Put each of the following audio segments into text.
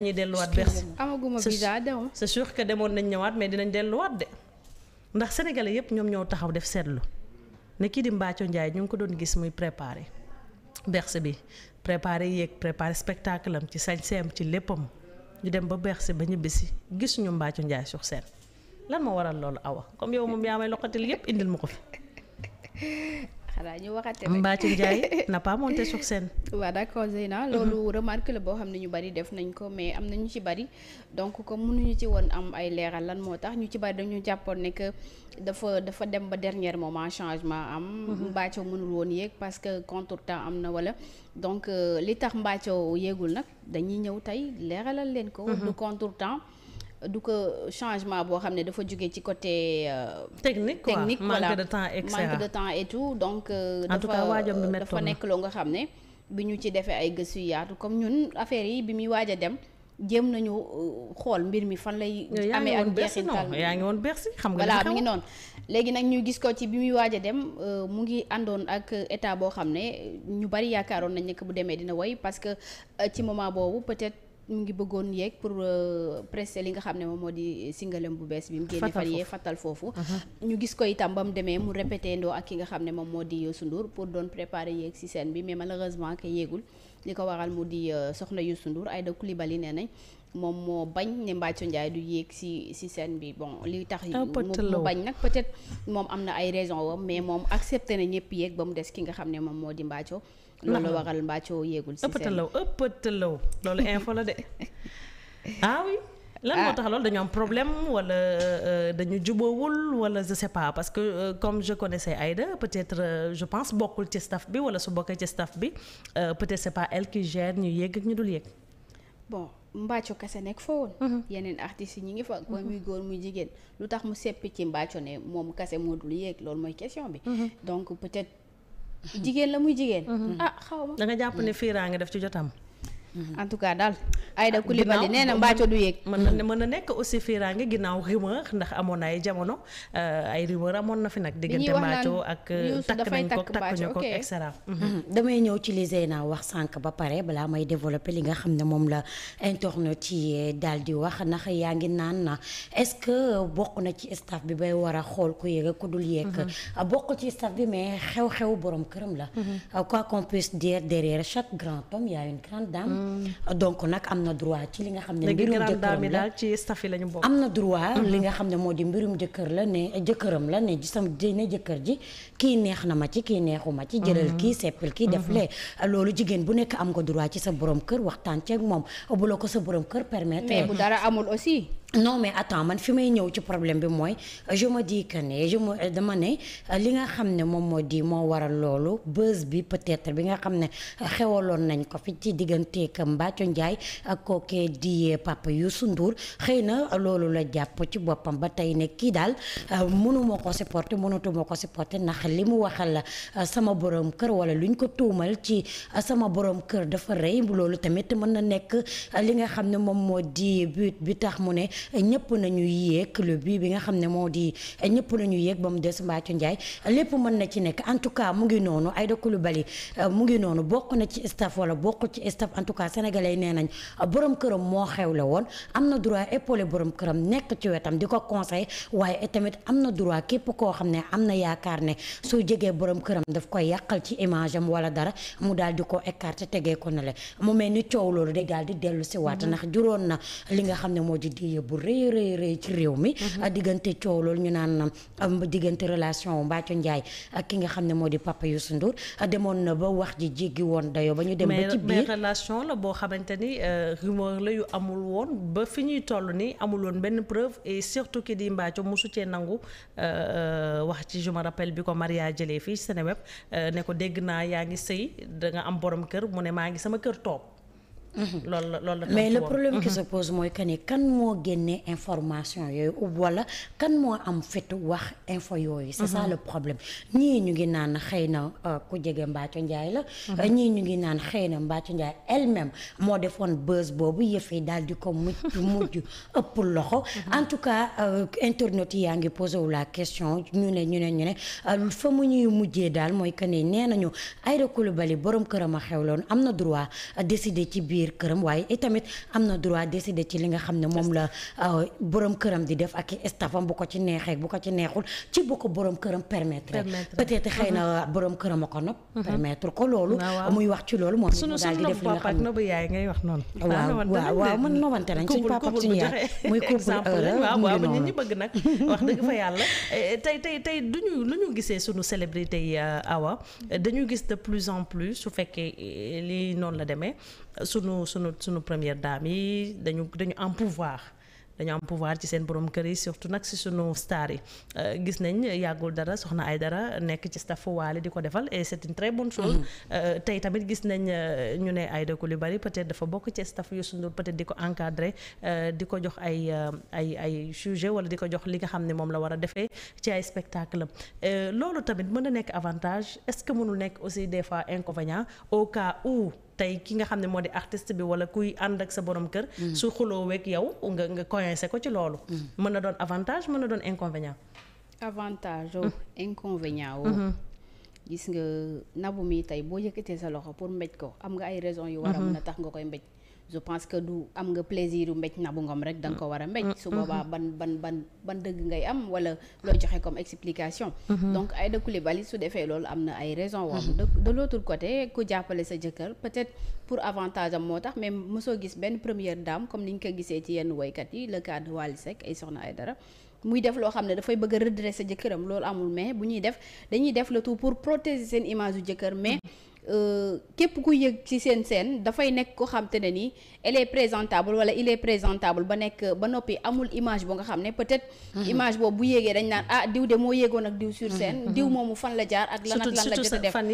ñuy delluwaat Bercy amaguma visa dew c'est demoon nañ ñëwaat mais dinañ delluwaat de ndax sénégalais yépp ñoom ñoo taxaw def seetlu ne kii di Mbathio Ndiaye ñu ngi ko doon gis muy préparé Bercy bi préparé yeeg préparé spectacle am ci sañseem ci léppam ñu dem ba Bercy ba ñibbisi gis ñu Mbathio Ndiaye sur scène lan moo waral loolu awa comme yow moom yaa may loqatil yépp indil ma ko fi xanaa ñu waxate rek Mbathio Ndiaye n'a pas monté sur scène. waaw d'accord mhm. loolu remarque la boo xam ne ñu bari def nañ ko mais am na ñu ci bari donc comme mënuñu ci woon am ay leeral moo tax ñu ci bari dañu jàppoon ne que dafa dafa dem ba dernier moment changement am. Mhm. Mbathio mënul woon yéeg parce que contretemps am na walla donc euh, li tax Mbathio yéegul nag dañuy ñëw tey leeralal leen ko. du mhm. contretemps. du ko changement boo xam ne dafa jóge ci côté. Euh, technique quoi technique voilà manque de temps et manque temps et donc. Euh, en tout cas waajam bi euh, dafa nekk loo nga xam ne. bi ñu ci defee ay gëstu yaatu comme ñun affaire yi bi muy waaj a dem. jéem nañu xool mbir mi fan lay. amee ak jeexital yaa ngi woon Bercy xam nga. voilà mi ngi noonu léegi nag ñu gis ko ci bi muy waaj a dem mu ngi àndoon ak état boo xam ne ñu bari yaakaaroon nañ ne bu demee dina woy parce que ci moment boobu peut-être. mu ngi bëggoon yéeg pour euh, presser li nga xam ne moom moo di singalem bu bees bi mu génne fan yee fatal foofu uh-huh. ñu gis ko itam ba mu demee mu répété ndoo ak ki nga xam ne moom moo di Youssou pour doon préparer yeeg si scène bi mais malheureusement que yéegul li ko waral mu di euh, soxna Youssou Ndour Aïda Coulibaly nee nañ moom moo bañ ne Mbathio Ndiaye du yéeg si si scène bi bon li tax ah, mu bañ nag peut-être moom am na ay raison wam mais moom accepté na ñëpp yéeg ba mu des ki nga xam ne moom moo di Mbathio loolu waral mbàccoo yéegul si seen ëppatalaw ëppatalaw loolu info la de ah oui. lan moo ah. tax loolu dañu am problème wala euh, dañu jubóowul wala sa sais pas parce que euh, comme je connaissais Aïda peut-être euh, je pense bokkul ci staff bi wala su bokkee ci staff bi euh, peut-être c'est pas elle gère ñu yéeg ak ñu dul yéeg. bon mbàcco kese nekk fa woon. Mhm. yeneen artistes yi ñu ngi fa. mooy mhm. muy góor muy jigéen lu tax mu seppi ci mbàcco ne moom kase moo dul yéeg loolu mooy question bi. Mhm. donc peut-être. jigéen la muy jigéen. Mm-hmm. ah xaw ma da nga jàpp ne fiiraa nga def ci jotam. en tout cas daal. Aïda Coulibaly ah, nee na mbaaco du yéeg. na mën na nekk aussi fiiraange ginnaaw rumeur ndax amoon na ay jamono euh, ay rumeur amoon na fi nag. diggante mbaaco ak ba pare balaa may développer li nga xam ne moom la internet yi eh, daal di wax ndax yaa ngi naan na est-ce que bokk na ci staff bi bay war a xool ku yéeg ku dul yéeg. Mhm. Ah, bokk ci staff bi mais xew-xew borom këram la. Mhm. Ah, quoi qu'on puisse dire chaque grand homme y une grande dame. Mhm. donc nag am na droit ci li nga xam ne mbirum jëkkëram la ci staff yi lañu bokk am na droit mhm. li nga xam ne moo di mbirum jëkkër la ne jëkkëram la ne sam ne jëkkër ji kii neex na ma ci kii neexu ma ci mhm. jëlal kii seppal kii def mhm. lee loolu jigéen bu nekk am nga droit ci sa borom kër waxtaan ceek moom bu la ko sa borom kër permettre mais bu dara amul aussi non mais attends man fi may ñëw ci problème bi mooy je me dis que ne je dama ne li nga xam ne moom moo di moo waral loolu buzz bi peut-être bi nga xam ne xewaloon nañ ko fi diggante ak Mbathio Ndiaye ak kookee di Papa Youssou Ndour xëy na loolu la jàpp ci boppam ba tey ne kii daal mënuma ko supporter mënatuma ko supporter ndax li mu waxal sama borom kër wala luñ ko tuumal ci sama borom kër dafa rëy loolu tamit mën na nekk li nga xam ne moom moo di but bi tax mu ne. ñëpp nañu yéeg le but bi nga xam ne moo di ñëpp nañu yéeg ba mu des Mbathio Ndiaye lépp mën na ci nekk en tout cas mu ngi noonu Aïda Coulibaly euh, mu ngi noonu bokk na ci staff wala bokk ci staff en tout cas sénégalais nee nañ euh, boroom këram moo xewle woon am na droit épaulé boroom këram nekk ci wetam di ko conseil waaye tamit am na droit képp koo xam ne am na yaakaar ne soo jegee boroom këram daf koy yàqal ci image am wala dara mu daal di ko écarté tegee ko ne le mu mel ni coow loolu day daal di dellu si waat mm-hmm. ndax juróon na li nga xam ne moo di bu rëy rëy rëy ci réew mi mhm. ah, diggante coow loolu ñu naan am diggante relation Mbathio Ndiaye ak ki nga xam ne moo di Papa Youssou Ndour ah, demoon na ba wax ji jéggi woon dayoo ba ñu dem ba ci biir mais relation la boo xamante ni euh, rumeur la yu amul woon ba fi ñuy toll ni amul woon benn preuve et surtout ki di Mbathio mosu cee nangu euh, euh, wax ci juma me rappelle bi ko Maria jëlee fii Seneweb ne ko dégg naa yaa ngi sëy da am borom kër mu ne maa ngi sama kër toog Mhm. loolu la loolu la mais le problème mhm. mooy que ni kan moo génnee information yooyu wala kan moo am fitu wax info yooyu c'est ça mhm. le problème ñii ñu ngi naan xëy na euh, ku jege Mbathio Ndiaye la euh, ñii ñu ngi naan xëy na Mbathio Ndiaye elle moo defoon buzz boobu yëf yi daal di ko mujj mujj ëpp loxo en tout cas euh, internet yaa ngi posé wu la question ñu ne ñu ne ñu ne fa mu ñuy mujjee daal mooy que ni nee nañu Aïda Coulibaly borom këram a xewloon am na droit décider ci biir biir këram waaye i tamit am na droit décider ci li nga xam ne moom la euh, borom këram di def ak stafam bu ko ci neexee bu ko ci neexul ci bu ko borom këram permettre peut-être na borom këram a ko nopp mhm. permettre ko loolu muy wax ci loolu moom sunu daal di def li nga xam ne yaay ngay wax noonu waaw ah, waaw waaw man nobante nañ suñu papa ak suñu yaay muy couple heureux waaw waaw nit ñi bëgg nag wax dëgg fa yàlla su fekkee eh, lii noonu la demee sunu sunu sunu sunu première dame yi dañu dañu am pouvoir dañu am pouvoir ci seen borom kër yi surtout nag si sunu star yi euh, gis nañ yàggul dara soxna ay dara nekk ci staff waale di ko defal et c'est une très bonne chose. Mm-hmm. Euh, tey tamit gis nañ euh, ñu ne ay Aïda Coulibaly peut-être dafa bokk ci staff Youssou Ndour peut di ko encadrer di ko jox ay ay ay sujet wala di ko jox li nga xam ne moom la war a defee ci ay spectacle loolu tamit mën na nekk avantage est-ce que mënul nekk aussi des tey ki nga xam ne moo di artiste bi wala kuy ànd ak sa borom kër. Mm-hmm. su week yow nga nga coincé ko ci loolu. Mm-hmm. mën na doon avantage mën na doon inconvénient. avantage oo mm-hmm. inconvénient oo. gis nga nabu mi tey boo yëkkatee sa loxo pour mbéj ko am nga ay raison yu war a mën a tax nga koy mbéj. je pense que du am nga plaisir u na bu Ngom rek danga ko war a mbéj mm-hmm. su boobaa ban ban ban dëgg ngay am wala looy joxe comme explication mm-hmm. donc Aïda bali su defee loolu am na ay raison woom mm-hmm. de de l'autre côté ku jàppale sa jëkkër peut-être pour avantage am moo tax mais mosoo gis benn première dame comme ni ñu ko gisee ci yenn woykat yi le cas de Wally Seck ay soxna ay dara muy def loo xam ne dafay bëgg a sa jëkkëram loolu amul mais bu ñuy def dañuy def le pour protéger seen image yu jëkkër mais Euh, képp ku yëg ci seen seen dafay nekk ko xam te ne ni elle est présentable wala il est présentable ba nekk ba noppi amul image bu nga xam ne peut-être. Mhm. image boobu bu yéegee dañ naan ah diw de moo yéegoon ak diw sur mhm. scène. Mhm. diw moomu fan la jaar ak lan ak la jot a def fan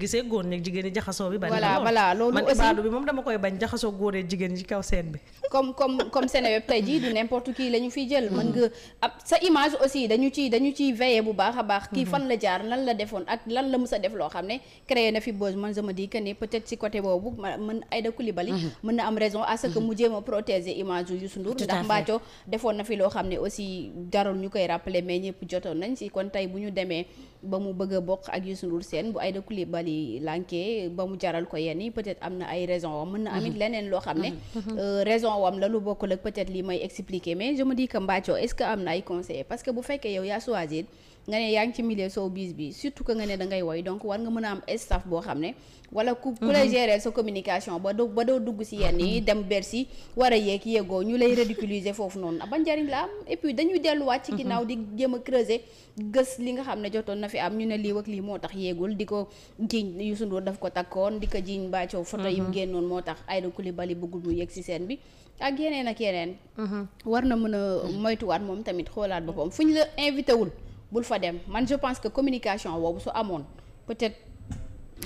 gisee góor ñi jigéen ñi jaxasoo bi. bari na voilà loolu man ibaadu bi moom dama koy bañ jaxasoo góoree jigéen ñi kaw scène bi. comme comme comme Seneweb tey jii du n'importe qui fiy jël. mën nga sa image aussi dañu ciy dañu ciy veiller bu baax a baax. kii fan la jaar lan la defoon ak lan la mës a def loo xam ne créé na fi buzz man je me dis que ne peut-être ci côté boobu man Aïda Coulibaly mën na am raison à ce que mhm. mu jéem a protéger image yu Youssou Ndour ndax Mbathio defoon na fi loo xam ne aussi jarul ñu koy rappeler mais ñëpp jotoon nañ si kon tey bu ñu demee ba mu bëgg a bokk ak Youssou Ndour seen bu Aïda Coulibaly lànkee ba mu jaral ko yenn yi am na ay raison wam mën na amit mhm. leneen loo xam ne mhm. Euh, raison wam la lu bokkul ak peut-être li may expliquer mais je me que est-ce que am na ay conseillers parce que bu fekkee yow yaa choisir nga ne yaa ngi ci milieu soo bis bi surtout que nga ne da ngay woy donc war nga mën a am staff boo xam ne wala ku ku lay mhm. gérer sa communication ba doo ba doo dugg si yenn yi dem bersi war a yeeg yeegoo ñu lay ridiculiser foofu noonu ba njariñ la am et puis dañuy delluwaat ci mhm. ginnaaw di jéem a creuser gës li nga xam ne jotoon na fi am ñu ne lii ak lii moo tax yeegul di ko jiñ Youssou Ndour daf ko takkoon di ko jiñ bàccoo photo yi mu mhm. génnoon moo tax Aïda Coulibaly bëggul mu yegg si scène bi ak yeneen ak yeneen war na mën a moytuwaat moom tamit xoolaat boppam fu ñu la invité wul bul fa dem man je pense que communication boobu su amoon peut-être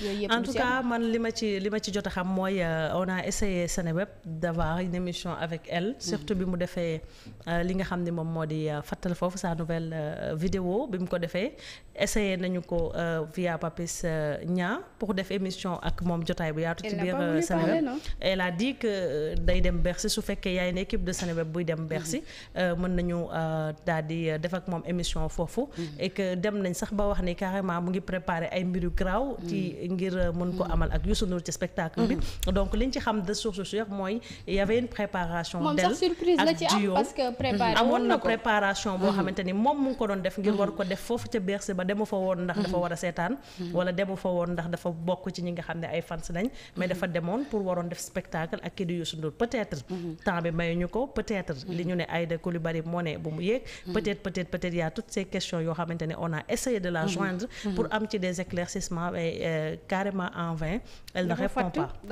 yooyu yëpp en tout cas man li ma ci li ma ci jot a xam mooy euh, on a essayé Seneweb d'avoir une émission avec elle. Mm. surtout bi mu defee euh, li nga xam ne moom moo di euh, fàttal foofu sa nouvelle vidéo bi mu ko defee essayé nañu ko via Papis Nia pour def émission ak moom jotaay bu yaatu. ci biir Seneweb elle a day dem beer Bercy su fekkee yaay ne équipe de Seneweb buy dem si mm-hmm. mën nañu daal di def ak moom émission foofu. Mm-hmm. et dem nañ sax ba wax ni carrément mu ngi préparer ay mbiru graw ngir euh, mën ko hmm. amal ak Youssou Ndour ci spectacle bi hmm. donc liñ ci xam de source sûre mooy y préparation d'elle ak duo hmm. amoon na préparation boo xamante ni moom mu ko doon def ngir war ko def foofu ca Bercy ba demu fa woon ndax dafa war a seetaan wala demu fa woon ndax dafa bokk ci ñi nga xam ne ay fans lañ mais dafa demoon pour waroon def spectacle ak kii di Youssou Ndour temps bi mayuñu ko peut li ñu ne Aïda Coulibaly moo ne bu mu yéeg peut a a carrément en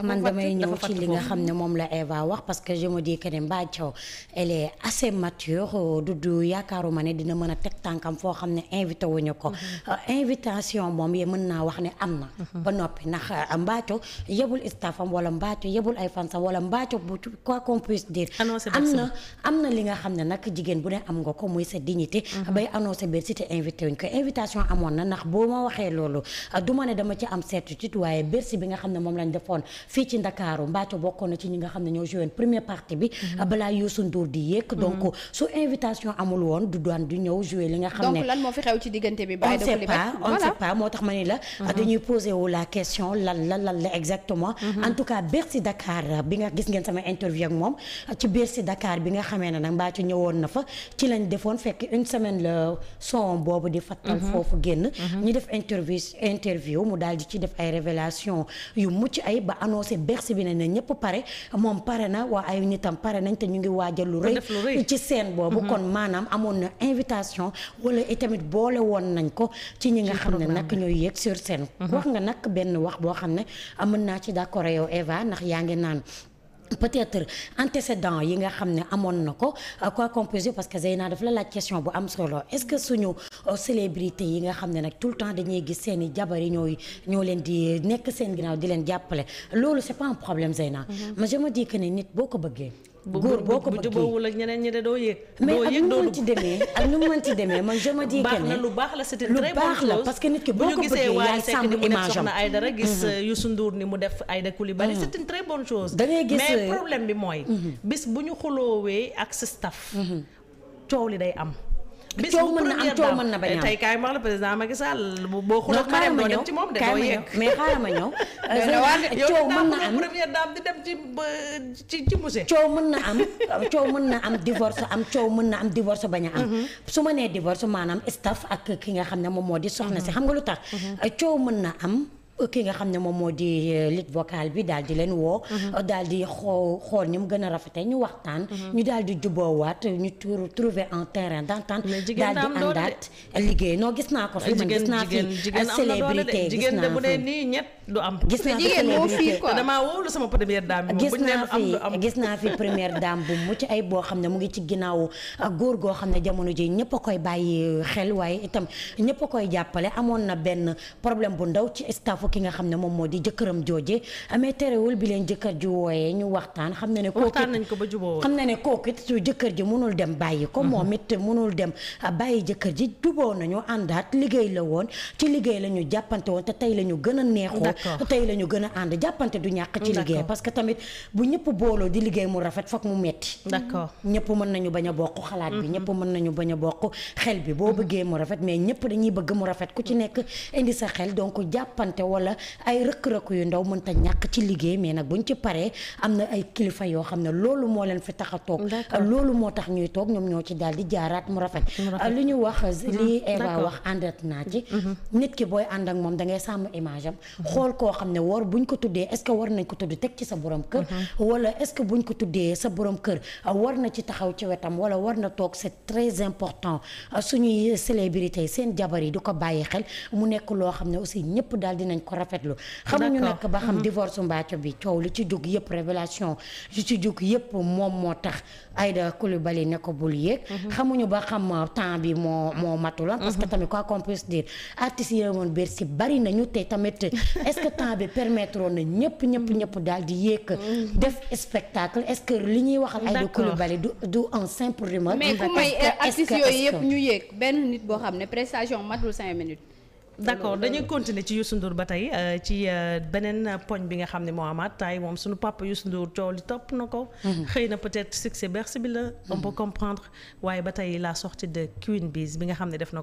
man damay ñëw ci li nga xam ne moom la Eva wax parce que je me dis que ne Mbaye Thiaw elle mature du du yaakaaruma ne dina mën a teg tànkam foo xam ne invité wuñu ko mm-hmm. invitation moom ye mën naa wax ne am na mm-hmm. ba noppi nax euh, Mbaye Thiaw yebul staffam wala Mbaye Thiaw yebul ay fansam wala Mbaye bu quoi qu'on puisse ah am na am na li nga xam ne nag jigéen bu ne am nga ko muy sa dignité mm-hmm. bay annoncé biir si te invité ko invitation amoon na ndax boo ma waxee loolu euh, certitude waaye bersi bi nga xam ne moom lañ defoon fii ci Ndakaaru Mbathio bokkoon ci ñi nga xam ne ñoo joué première partie bi mhm. balaa Youssou Ndour di yéeg mhm. donc su invitation amul woon du doon du ñëw joué li nga xam ne donc lan moo fi xew ci diggante bi on sait pas on sait pas moo tax la mhm. dañuy posé wu la question lan lan lan la en tout cas Bercy Dakar bi nga gis ngeen sama interview ak moom ci Bercy Dakar bi nga xamee ne nag Mbathio ñëwoon na fa ci lañ defoon fekk une semaine la son boobu di fattal foofu génn ñu def interview mu daal di ci def ay révélation yu mucc ay ba annoncé Bercy bi ne ne ñëpp pare moom pare na waa ay nitam pare nañ te ñu ngi waajal lu rëy ci seen boobu mm-hmm. kon maanaam amoon na invitation wala itamit boole woon nañ ko ci ñi nga xam ne nag ñooy yëg sur scène mm-hmm. wax nga nag benn wax boo xam ne mën naa ci d'accord yow Eva ndax yaa ngi naan peut-être antécédent yi nga xam ne amoon na ko quoi composer parce que Zeyna daf la laaj question bu am solo est-ce que suñu euh, célébrité yi nga xam ne nag tout le temps dañuy gis seen i jabar yi ñooy ñoo leen di nekk seen ginnaaw di leen jàppale loolu c'est pas un problème Zeyna mm-hmm. mais je me dis ne nit boo ko bëggee bu góor boo ko bëggee bu jubóowul ak ñeneen ñi de doo yëg. doo yëg doo dugg mais ak nu baax na lu baax la c'est une très chose lu baax la parce que nit ki boo ko bëggee yaay sàmm image am. Aïdara gis mhm. euh, Youssou Ndour ni mu def Aïda Coulibaly. Mhm. c'est une très bonne chose. da ngay gis euh, problème bi mooy. Mhm. bis bu ñu wee ak sa staff. coow li day am. bis bu première daaw mën a tey kaay ma wax la président Macky Sall boo xuloo Marème doo dem ci moom de ma ñëw euh, coow mën na am première dame di dem ci ci ci musée coow mën na am mën na am divorce am coow mën na am divorce bañ am mhm. su ma nee divorce maanaam staff ak ki nga xam ne moom moo di soxna si mhm. xam nga lu tax mhm. coow mën na am ki nga xam ne moom moo di euh, lit vocal bi daal di leen woo mhm. euh, daal di xoo xool ñu mu gën a rafete ñu waxtaan mhm. ñu daal di waat ñu trouver un terrain d'entente daal di àndaat liggéey non gis naa ko fi man gis naa fi célébrité gis naa fi gis naa fi célébrité gis naa fi première daam bu mucc ay boo xam ne mu ngi ci ginnaaw euh, góor goo xam ne jamono ji ñëpp koy bàyyi xel waaye itam ñëpp a koy jàppale amoon na benn problème bu ndaw ci staff ki nga xam ne moom moo di jëkkëram jooje amee terewul bi leen jëkkër ji wooyee ñu waxtaan xam na ne kooku waxtaan nañ ko ba juboo xam na ne kooku it su jëkkër ji munul dem bàyyi ko mhm. moom it munul dem ah, bàyyi jëkkër ji juboo nañu àndaat liggéey la woon ci liggéey la ñu jàppante woon te tey la ñu gën a neexoo tey la ñu gën a ànd jàppante du ñàkk ci liggéey parce que tamit bu ñëpp booloo di liggéey mu rafet foog mu metti d'accord ñëpp mën nañu bañ a bokk xalaat bi mhm. ñëpp mën nañu bañ a bokk xel bi boo mhm. bëggee mu rafet mais ñëpp dañuy mu rafet ku ci nekk wala ay rëkk-rëkk yu ndaw mën ta ñàkk ci liggéey mais nag buñ ci paree am na ay kilifa yoo xam ne loolu moo leen fi tax a toog loolu moo tax ñuy toog ñoom ñoo ci daal di jaaraat mu rafet li ñu wax mm-hmm. li Eva wax àndat ci mm-hmm. nit ki booy ànd ak moom da ngay sàmm image am mm-hmm. xool koo xam ne war buñ ko tuddee est-ce war nañ ko tudd teg ci sa borom kër wala est-ce que buñ ko tuddee sa borom kër war na ci taxaw ci wetam wala war na toog c'est très important suñuy célébrité seen jabar yi du dañ ko rafetlu xamuñu nag ba xam mm-hmm. divorce mbaaco bi coow lu ci jug yëpp révélation li ci jug yëpp moom moo tax Aïda Coulibaly ne ko bul yéeg mm-hmm. xamuñu ba xam euh, temps bi moo moo matuloon parce que mm-hmm. tamit quoi qu'on puisse dire artistes yi woon te tamit est-ce que bi permettre na ñëpp ñëpp ñëpp daal di yéeg def spectacle est-ce que li ñuy waxal Aïda Coulibaly du du un simple rumeur mais ku may euh, artistes yooyu yëpp ñu yéeg benn nit boo xam ne prestation matul cinq minutes d'accord dañuy continuer ci Youssou Ndour ba tey euh, ci euh, beneen poñ bi nga xam ne moo amaat tay moom suñu papa Youssou Ndour tool yi topp na ko. Mhm. xëy na peut-être succès berce bi la. on mhm. comprendre waaye ba tey la sortie de Queen Biz bi nga xam ne def na